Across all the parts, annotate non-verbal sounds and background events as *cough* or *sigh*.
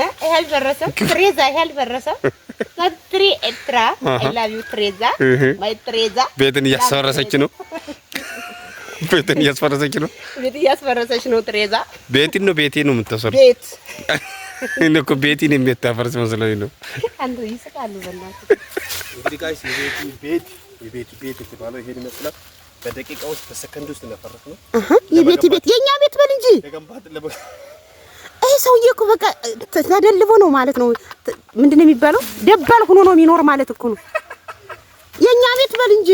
ይሄ አልደረሰም። ትሬዛ ይሄ አልደረሰም። ትሪ ኤርትራ አይ ላቭ ዩ ትሬዛ ማይ ትሬዛ። ቤትን እያስፈረሰች ነው። ቤትን እያስፈረሰች ነው። ቤት እያስፈረሰች ነው። ትሬዛ ቤት ነው። ቤቴ ነው የምታስፈርስ። ቤት እኔ እኮ ቤቴን የምታፈርስ መስሎኝ ነው። አንዱ ይስቃሉ። እንግዲህ ጋይስ የቤቱ ቤት የቤቱ ቤት የተባለው ይሄን ይመስላል። በደቂቃ ውስጥ በሰከንድ ውስጥ ነፈረስ ነው። የቤት ቤት የኛ ቤት በል እንጂ ይሄ ሰውዬ እኮ በቃ ተደልቦ ነው ማለት ነው። ምንድን ነው የሚባለው? ደባል ሆኖ ነው የሚኖር ማለት እኮ ነው። የኛ ቤት በል እንጂ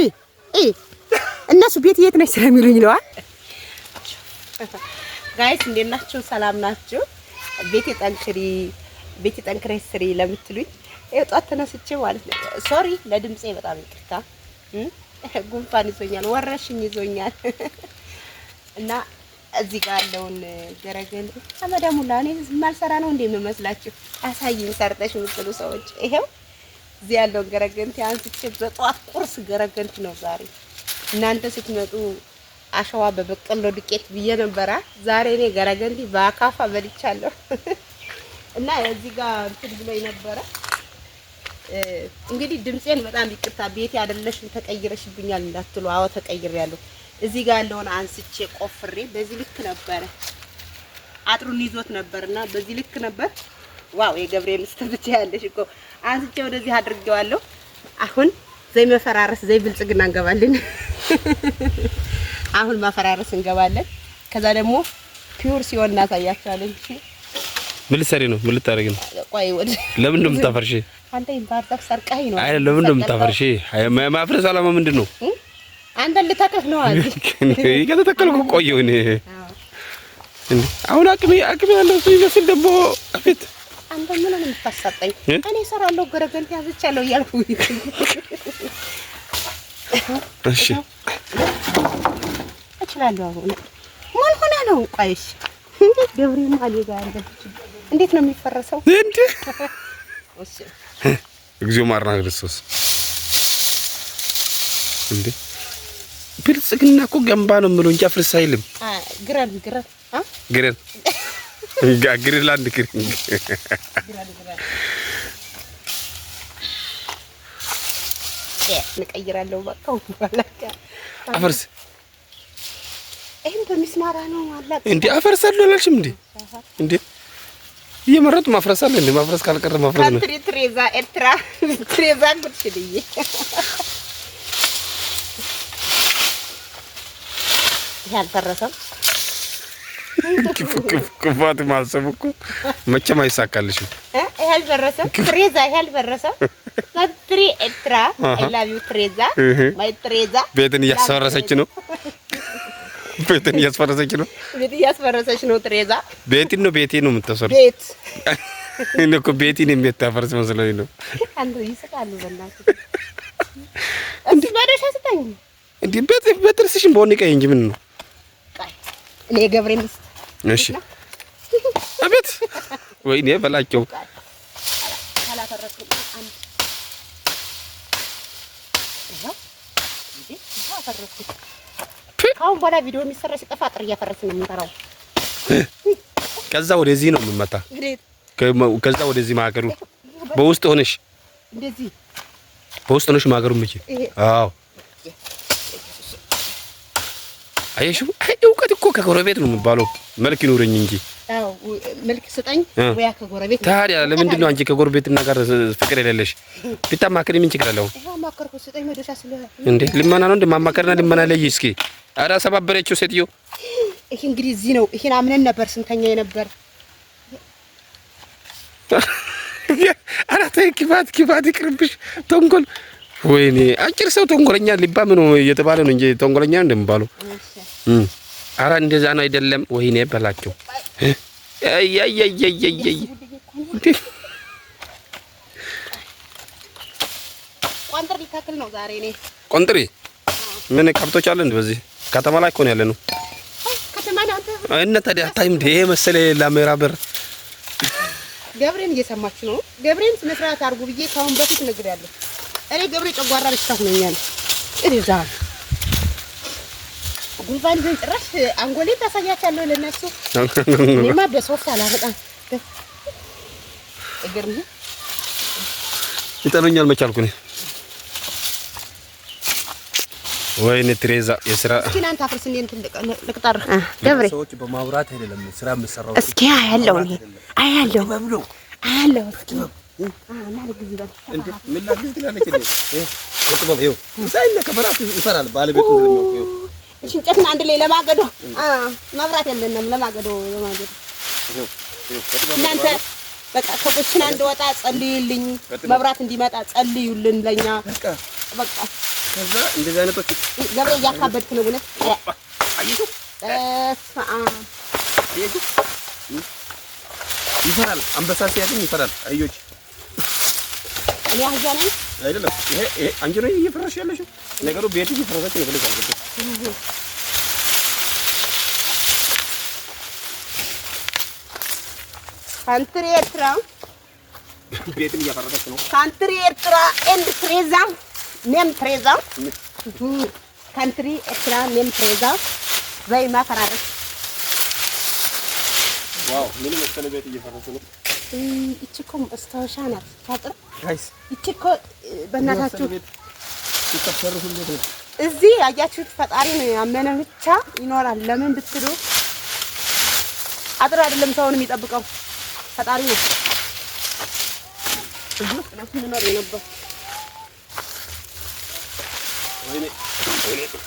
እነሱ ቤት የት ነች ስለሚሉኝ ነው። ጋይስ እንዴት ናችሁ? ሰላም ናችሁ? ቤቴ ጠንክሪ፣ ቤቴ ጠንክሪ ስሪ ለምትሉኝ ጠዋት ተነስቼ ማለት ነው። ሶሪ ለድምጼ በጣም ይቅርታ። ጉንፋን ይዞኛል፣ ወረሽኝ ይዞኛል እና እዚህ ጋር ያለውን ገረገል አመዳም እኔ ማልሰራ ነው እንደ የምመስላችሁ? አሳይኝ ሰርተሽ የምትሉ ሰዎች ይሄው እዚህ ያለውን ገረገንቲ አንስቼ በጠዋት ቁርስ ገረገንቲ ነው ዛሬ። እናንተ ስትመጡ አሸዋ በበቀሎ ዱቄት ብዬ ነበረ ዛሬ እኔ ገረገንቲ በአካፋ በልቻለሁ *laughs* እና እዚህ ጋር እንትን ብሎኝ ነበረ። እንግዲህ ድምፄን በጣም ይቅርታ፣ ቤቴ አይደለሽም ተቀይረሽብኛል እንዳትሉ። አዎ ተቀይሬያለሁ። እዚህ ጋር ያለውን አንስቼ ቆፍሬ በዚህ ልክ ነበረ አጥሩን ይዞት ነበርና በዚህ ልክ ነበር። ዋው የገብርኤል ስተብቻ ያለሽ እኮ አንስቼ ወደዚህ አድርጌዋለሁ። አሁን ዘይ መፈራረስ ዘይ ብልጽግና እንገባለን። አሁን መፈራረስ እንገባለን። ከዛ ደግሞ ፒውር ሲሆን እናሳያቸዋለን። እሺ ምን ልትሰሪ ነው? ምን ልታደርጊ ነው? ቆይ ወደ ለምን ነው የምታፈርሺ? አንተ ይባርታክ ሰርቃይ ነው አይደለም። ለምን ነው የምታፈርሺ? ማፍረስ አላማ ምንድን ነው? አንተ ልታከፍ ነው አይደል? ከተተከልኩ ቆየሁ እኔ አሁን አቅሜ አቅሜ ያለው ሰው ይመስል ደግሞ አቤት አንተ ምን ነው የምታሳጠኝ? እኔ እሰራለሁ ገረገን ያዝቻለሁ እያልኩ እሺ እችላለሁ። አሁን ምን ሆነ ነው? ቆይሽ ገብሬ ማሊ ጋር እንዴት ነው የሚፈረሰው እንዴ? እሺ እግዚኦ ማርና ክርስቶስ እንዴ ብልጽግና እኮ ገንባ ነው የምለው እንጂ አፍርስ አይልም። ግረን ግረን ግረን ላንድ ግረን እንቀይራለሁ። በቃ አፈርስ ይሄን በሚስማራ ነው ማለት እንዴ? አፈርስ አላልሽም እንዴ? እንዴ እየመረጡ ማፍረስ እንዴ? ማፍረስ ካልቀረ ማፍረስ ነው። ትሬዛ ኤርትራ ትሬዛ ጉድ ይህ አልፈረሰም። ክፋት ማሰብ እኮ መቼም አይሳካልሽም። ይሄ አልፈረሰም። ትሬዛ ይሄ አልፈረሰም። ትሪ ኤርትራ ላቪ ትሬዛ ማይ ትሬዛ ቤትን እያስፈረሰች ነው። ቤትን እያስፈረሰች ነው። ቤት እያስፈረሰች ነው። ትሬዛ ቤትን ነው ቤቴ ነው የምታሰሩ ቤት እኔ እኮ ቤቴን የሚያታፈርስ መስሎኝ ነው። አንዱ ይስቃሉ። በእናትህ እንዴ በደሻ ስጠኝ እንዴ በጥርስሽም በሆነ ቀይ እንጂ ምን ነው እኔ የገብሬ ሚስት እሺ። አቤት ወይኔ በላቸው። በኋላ ቪዲዮ የሚሰራ ሲጠፋ አጥር እያፈረስን ነው የምንጠራው። ከዛ ወደዚህ ነው የምንመታ። ከዛ ወደዚህ ማገሩ በውስጥ ሆነሽ እንደዚህ በውስጥ ሆነሽ ማገሩ አዎ አየሽ፣ እውቀት እኮ ከጎረቤት ነው የሚባለው። መልክ ይኑረኝ እንጂ መልክ ስጠኝ። ታዲያ ለምንድን ነው አንቺ ከጎረቤትና ጋር ፍቅር የሌለሽ? ብታማክሪ ምን ችግር አለው እንዴ? ልመና ነው እንዴ? ማማከርና ልመና ለይ። እስኪ አዳ ሰባበረችው ሴትዮ። ይሄ እንግዲህ እዚህ ነው። ይሄን አምነን ነበር ስንተኛ የነበር አራት ኪባት ኪባት ይቅርብሽ ተንኮል ወይኔ አጭር ሰው ተንኮለኛ ሊባል ምን እየተባለ ነው እንጂ ተንኮለኛ እንደሚባለው አረ እንደዛ ነው አይደለም። ወይኔ በላቸው ቆንጥሪ ምን ከብቶች አለ እንዴ? በዚህ ከተማ ላይ እኮ ነው ያለ ነው። እና ታዲያ ታይም ይሄ መሰለ ላሜራ በር ገብሬን እየሰማች ነው። ገብሬን ስነ ስርዓት አድርጉ ብዬ ካሁን በፊት ነግሬያለሁ። እኔ ገብሬ ጨጓራ በሽታ ሆነኛል። እዛ ጉንፋን ይዞኝ ጭራሽ አንጎሌን ታሳያቻለሁ ለእነሱ። እኔማ በሶፍት አላመጣም። ይገርምህ ይጠሉኛል። መቻልኩ እኔ ወይኔ ትሬዛ የስራ እስኪናንተ አፍርስ እንዴ እንትን ልቅጠር ገብሬ ሰዎች በማውራት አይደለም ስራ የምሰራው። እስኪ አያለሁ እኔ አያለሁ አያለሁ ይፈራል ባለቤቱ። እሺ አንድ ላይ ለማገዶ መብራት የለንም። ለማገዶ ለማገዶ እናንተ በቃ እንደወጣ ጸልዩልኝ፣ መብራት እንዲመጣ ጸልዩልን ለኛ በቃ። ከዛ እንደዚህ አይነቶች እያካበድክ ነው ይፈራል። አንበሳ ሲያገኝ ይፈራል። አዮች እኔ አህያ ነኝ አይደለም። ይሄ ይሄ አንቺ ነው እየፈረሽ ነገሩ ቤት እየፈረሰች ነው ብለሽ አልገባሽ። ካንትሪ ኤርትራ እያፈረሰች ነው። ካንትሪ ኤርትራ ኤንድ ትሬዛ ትሬዛ ካንትሪ ኤርትራ ትሬዛ ዘይማ ፈራረስ ዋው ምን መሰለ ቤት እየፈረሰ ነው ይቺ እኮ ማስታወሻ ናት። ታጥር ጋይስ፣ ይቺ እኮ በእናታችሁ እዚህ ያያችሁት ፈጣሪ ነው ያመነ ብቻ ይኖራል። ለምን ብትሉ አጥር አይደለም ሰውን የሚጠብቀው ፈጣሪ ነው። ነበር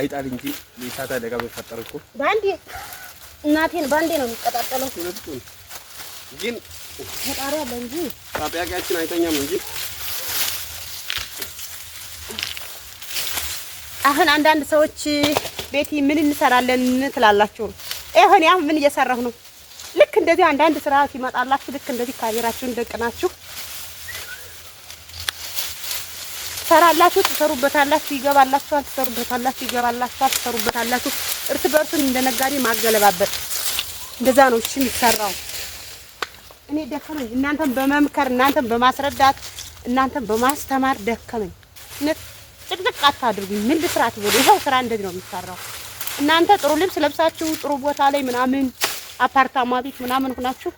አይጣል እንጂ የእሳት አደጋ በፈጠረ እኮ ባንዴ እናቴን ባንዴ ነው የሚቀጣጠለው። ሁለቱን ግን ፈጣሪ አለ እንጂ ጣቢያቂያችን አይተኛም እንጂ አሁን አንዳንድ ሰዎች ቤቲ ምን እንሰራለን ትላላችሁ? ይሁን ያ ምን እየሰራሁ ነው። ልክ እንደዚህ አንዳንድ ስራ ሲመጣላችሁ ልክ እንደዚህ ካሜራችሁን ደቅናችሁ ትሰራላችሁ፣ ትሰሩበታላችሁ፣ ይገባላችኋል፣ ትሰሩበታላችሁ፣ ይገባላችኋል፣ ትሰሩበታላችሁ። እርስ በእርሱን እንደ ነጋዴ ማገለባበጥ እንደዛ ነው። እሺ የሚሰራው እኔ ደከመኝ። እናንተን በመምከር እናንተን በማስረዳት እናንተን በማስተማር ደከመኝ። እውነት ጭቅጭቅ አታድርጉኝ። ምን ልስራት ብሎ ይኸው ስራ እንደዚህ ነው የሚሰራው። እናንተ ጥሩ ልብስ ለብሳችሁ ጥሩ ቦታ ላይ ምናምን አፓርታማ ቤት ምናምን ሁናችሁ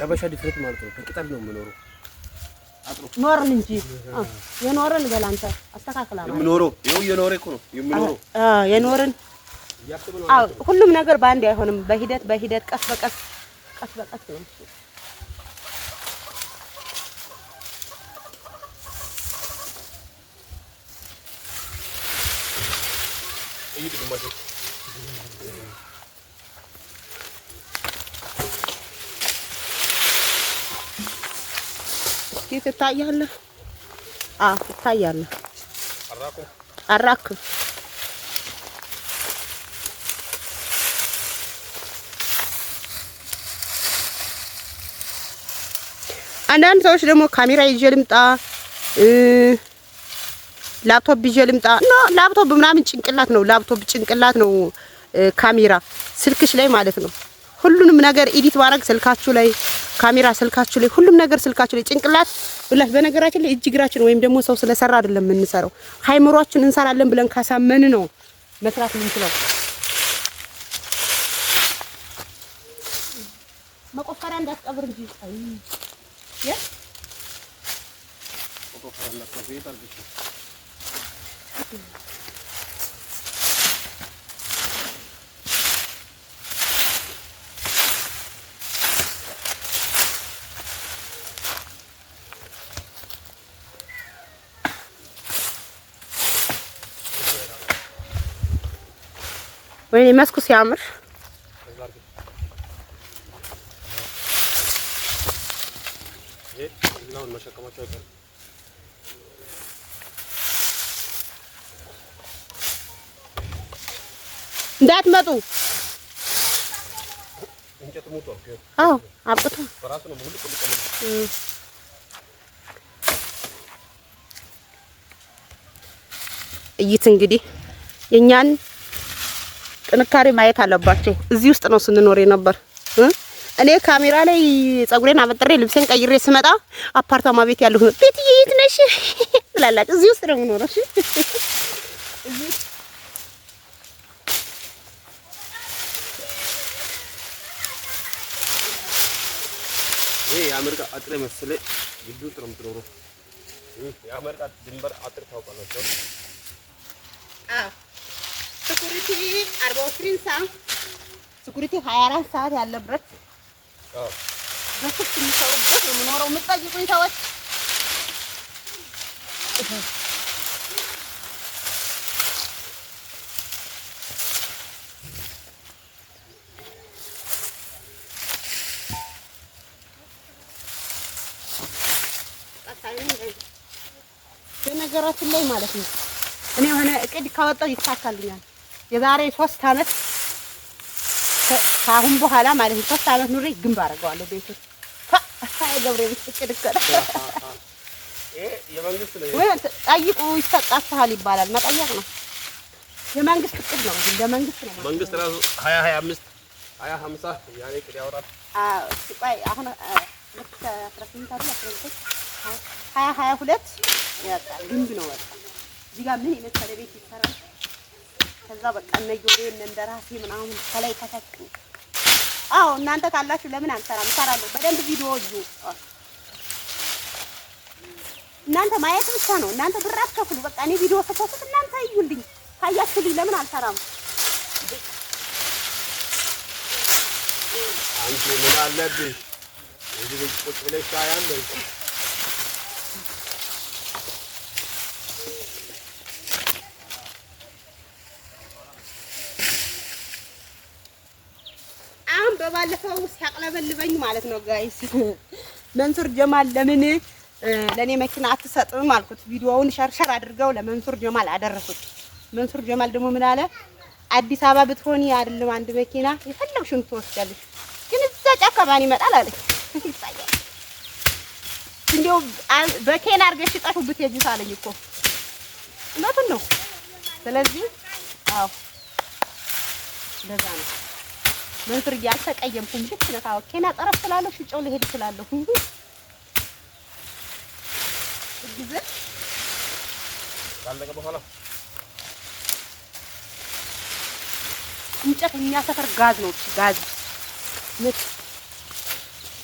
ለበሻ ዲፍረት ማለት ነው። ከቅጠል ነው የምኖረው ኖርን እንጂ የኖርን አስተካክላ የምኖረው ይኸው የኖረ እኮ ነው የምኖረው የኖርን ሁሉም ነገር በአንድ አይሆንም። በሂደት በሂደት ቀስ በቀስ ቀስ በቀስ ነው። እሺ እስኪ ትታያለህ? አዎ ትታያለህ። አራክ አንዳንድ ሰዎች ደግሞ ካሜራ ይዤ ልምጣ፣ ላፕቶፕ ይዤ ልምጣ። ኖ ላፕቶፕ ምናምን ጭንቅላት ነው፣ ላፕቶፕ ጭንቅላት ነው። ካሜራ ስልክሽ ላይ ማለት ነው። ሁሉንም ነገር ኤዲት ማድረግ ስልካችሁ ላይ ካሜራ ስልካችሁ ላይ ሁሉም ነገር ስልካችሁ ላይ ጭንቅላት ብላችሁ በነገራችን ላይ እጅ እግራችን ወይም ደግሞ ሰው ስለሰራ አይደለም የምንሰራው። ሃይምሯችን እንሰራለን ብለን ካሳመን ነው መስራት የምንችለው። መቆፈሪያ እንዳትቀብር እንጂ የ ወይኔ መስኩ ሲያምር እንዳትመጡ። አዎ አብቅቶ እይት እንግዲህ የእኛን ጥንካሬ ማየት አለባቸው። እዚህ ውስጥ ነው ስንኖር የነበር። እኔ ካሜራ ላይ ጸጉሬን አበጥሬ ልብሴን ቀይሬ ስመጣ አፓርታማ ቤት ያለሁ ነው። ቤትዬ የት ነሽ *laughs* ትላላችሁ። እዚህ ውስጥ ነው የምኖረው። እሺ ይሄ የአሜሪካ አጥር መስለ ግቢ ውስጥ ነው የምትኖረው። የአሜሪካ ድንበር አጥር ታውቃላችሁ? አዎ ስኩሪቲ 24 ስሪንሳ ስኩሪቲ ሀያ ሰዓት ያለበት በስልክ የሚሰሩበት ነው የምኖረው። የምትጠይቁኝ ሰዎች በነገራችን ላይ ማለት ነው እኔ የሆነ እቅድ ካወጣሁ ይሳካልኛል። የዛሬ ሶስት አመት ከአሁን በኋላ ማለት ነው ሶስት አመት ኑሬ ግንብ አደርገዋለሁ ቤቱን። ገብሬ ጠይቁ ይሰጣችኋል ይባላል። መጠየቅ ነው የመንግስት እቅድ ነው እንደ መንግስት ነው። መንግስት ራሱ ሀያ ሀያ ያኔ እቅድ ያወራል። አሁን ግንብ ነው። በቃ እዚህ ጋር ምን የመሰለ ቤት ይሰራል። ከዛ በቃ እነ ጆሮዬ እነ እንደራሴ ምናምን ከላይ ተተክ። አዎ እናንተ ካላችሁ ለምን አንሰራም? እሰራለሁ። በደንብ ቪዲዮ እዩ። እናንተ ማየት ብቻ ነው። እናንተ ብር አትከፍሉ። በቃ እኔ ቪዲዮ ስፖስት እናንተ እዩልኝ። ካያችሁልኝ ለምን አልሰራም? አንቺ ምን አለብኝ? እንግዲህ ቁጭ ብለሽ ታያለሽ በባለፈው ሲያቅለበልበኝ ማለት ነው ጋይስ *laughs* መንሱር ጀማል ለምን ለእኔ መኪና አትሰጥም አልኩት። ቪዲዮውን ሸርሸር አድርገው ለመንሱር ጀማል አደረሱት። መንሱር ጀማል ደግሞ ምን አለ? አዲስ አበባ ብትሆኒ አይደለም አንድ መኪና የፈለግሽውን ትወስዳለሽ፣ ግን እዛ ጫካ ባን ይመጣል አለኝ። *laughs* እንዲያው በኬን አድርገሽ ብትሄጂስ አለኝ እኮ እውነቱን ነው። ስለዚህ አዎ ነው። በፍርድ አልተቀየምኩም። ልክ ነህ። አዎ ኬና ጠረፍ ስላለሁ ሽጬው ልሄድ እችላለሁ። ካለቀ በኋላ እንጨት እኛ ሰፈር ጋዝ ነው። ጋዝ ምት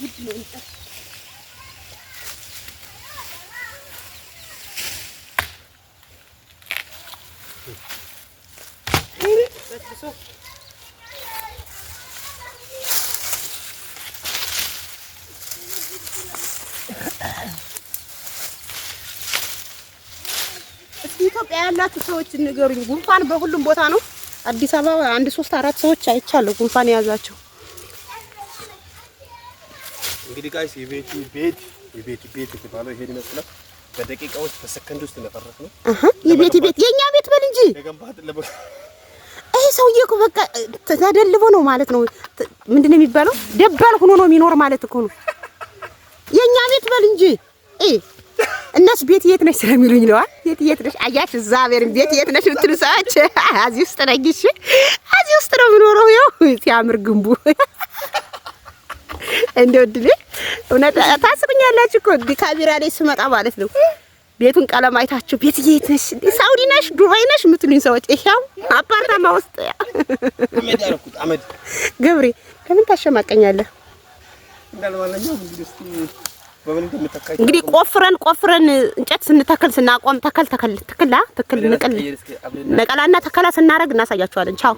ምት ነው እንጨት በትሶ ኢትዮጵያ ያላችሁ ሰዎች ንገሩኝ። ጉንፋን በሁሉም ቦታ ነው። አዲስ አበባ አንድ ሶስት አራት ሰዎች አይቻለሁ ጉንፋን የያዛቸው። እንግዲህ ጋይስ የቤቲ ቤት የቤቲ ቤት የተባለው ይሄን ይመስላል። በደቂቃዎች በሰከንድ ውስጥ ነው። የቤቲ ቤት ቤት በል እንጂ ይሄ ሰውዬ እኮ በቃ ተደልቦ ነው ማለት ነው። ምንድነው የሚባለው? ደባል ሆኖ ነው የሚኖር ማለት እኮ ነው። አትበል እንጂ እነሱ ቤት የት ነሽ ስለሚሉኝ ነዋ። ቤት የት ነሽ አያሽ፣ እግዚአብሔርን ቤት የት ነሽ የምትሉ ሰዎች እዚህ ውስጥ ነኝ። እሺ እዚህ ውስጥ ነው የምኖረው። ያው ሲያምር ግንቡ እንደው ድል እውነት ታስቁኛላችሁ እኮ ካሜራ ላይ ስመጣ ማለት ነው። ቤቱን ቀለም አይታችሁ ቤት የት ነሽ ሳውዲ ነሽ ዱባይ ነሽ የምትሉኝ ሰዎች ይሄው አፓርታማ ውስጥ ገብሬ ከምን ታሸማቀኛለህ? እንግዲህ ቆፍረን ቆፍረን እንጨት ስንተክል ስናቆም ተከል ተከል ተከላ ተከል ነቀል ነቀላና ተከላ ስናረግ እናሳያቸዋለን። ቻው